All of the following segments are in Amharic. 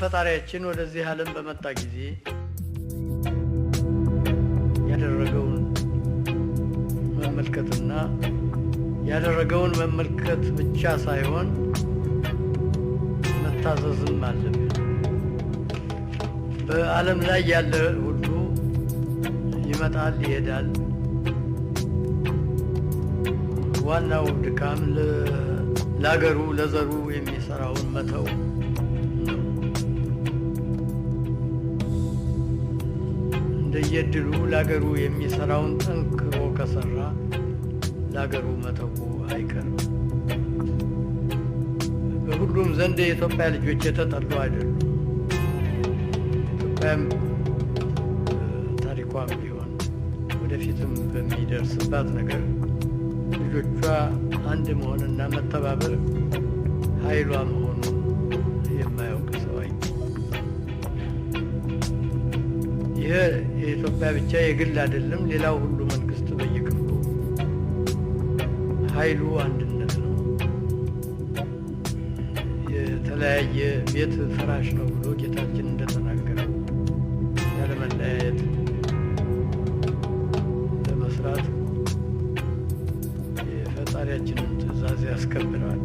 ፈጣሪያችን ወደዚህ ዓለም በመጣ ጊዜ ያደረገውን መመልከትና ያደረገውን መመልከት ብቻ ሳይሆን መታዘዝም አለብን። በዓለም ላይ ያለ ሁሉ ይመጣል፣ ይሄዳል። ዋናው ድካም ለአገሩ ለዘሩ የሚሰራውን መተው እንደየድሉ ለአገሩ የሚሰራውን ጠንክሮ ከሰራ ለአገሩ መተው አይቀርም። በሁሉም ዘንድ የኢትዮጵያ ልጆች የተጠሉ አይደሉም። ኢትዮጵያም ታሪኳም ቢሆን ወደፊትም በሚደርስባት ነገር ልጆቿ አንድ መሆንና መተባበር ኃይሏ መሆኑን የማያውቅ ሰው አይ ኢትዮጵያ ብቻ የግል አይደለም። ሌላው ሁሉ መንግስት በየክፍሉ ኃይሉ አንድነት ነው። የተለያየ ቤት ፈራሽ ነው ብሎ ጌታችን እንደተናገረው ያለመለያየት ለመስራት የፈጣሪያችንን ትእዛዝ ያስከብራል።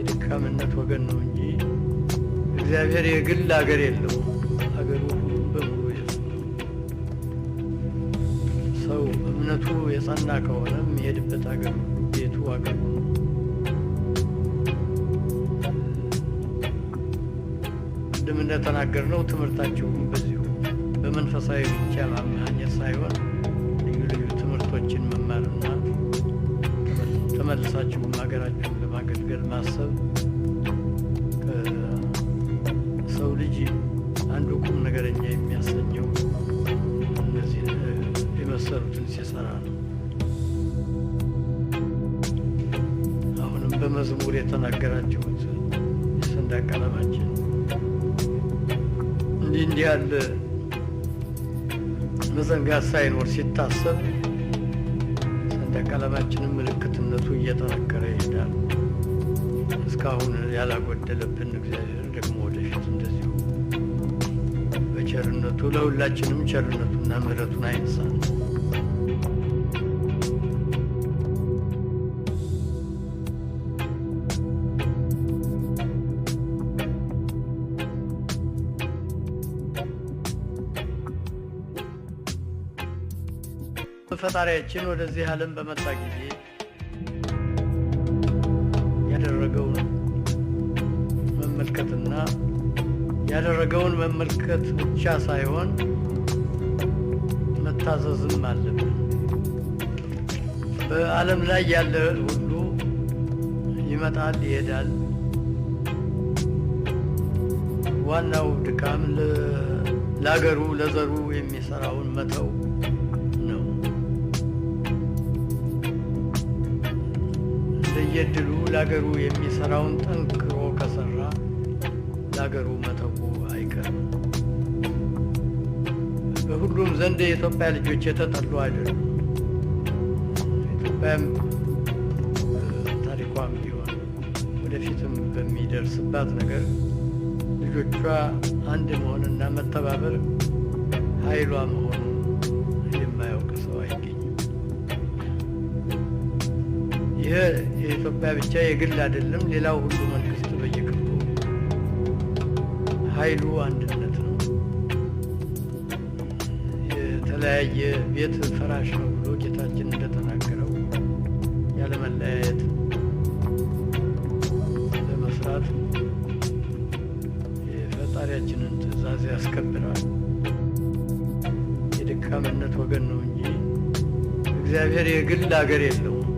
የድካምነት ወገን ነው እንጂ እግዚአብሔር የግል አገር የለውም። የጸና ከሆነ የሚሄድበት አገር ቤቱ ነው ቅድም ነው ትምህርታቸውም በዚሁ በመንፈሳዊ ብቻ ማመሃኘት ሳይሆን ልዩ ልዩ ትምህርቶችን መማርና ተመልሳችሁም ሀገራችሁን ለማገልገል ማሰብ ሰው ልጅ አንዱ ቁም ነገረኛ የሚያሰኘው እነዚህ የመሰሉትን ሲሰራ ነው። መዝሙር የተናገራችሁት የሰንደቅ ቀለማችን እንዲህ እንዲህ ያለ መዘንጋት ሳይኖር ሲታሰብ ሰንደቅ ቀለማችንም ምልክትነቱ እየጠነከረ ይሄዳል። እስካሁን ያላጎደለብን እግዚአብሔር ደግሞ ወደፊት እንደዚሁ በቸርነቱ ለሁላችንም ቸርነቱና ምሕረቱን አይንሳን። ፈጣሪያችን ወደዚህ ዓለም በመጣ ጊዜ ያደረገውን መመልከትና ያደረገውን መመልከት ብቻ ሳይሆን መታዘዝም አለብን። በዓለም ላይ ያለ ሁሉ ይመጣል፣ ይሄዳል። ዋናው ድካም ለአገሩ ለዘሩ የሚሰራውን መተው በየድሉ ለአገሩ የሚሰራውን ጠንክሮ ከሰራ ለአገሩ መተው አይቀርም። በሁሉም ዘንድ የኢትዮጵያ ልጆች የተጠሉ አይደሉም። ኢትዮጵያም ታሪኳም ቢሆን ወደፊትም በሚደርስባት ነገር ልጆቿ አንድ መሆንና መተባበር ኃይሏ መሆኑ የማያውቅ ሰው አይገኝም። ይህ የኢትዮጵያ ብቻ የግል አይደለም። ሌላው ሁሉ መንግስት በየክፍሉ ኃይሉ አንድነት ነው። የተለያየ ቤት ፈራሽ ነው ብሎ ጌታችን እንደተናገረው ያለመለያየት ለመስራት የፈጣሪያችንን ትዕዛዝ ያስከብራል። የደካምነት ወገን ነው እንጂ እግዚአብሔር የግል አገር የለውም።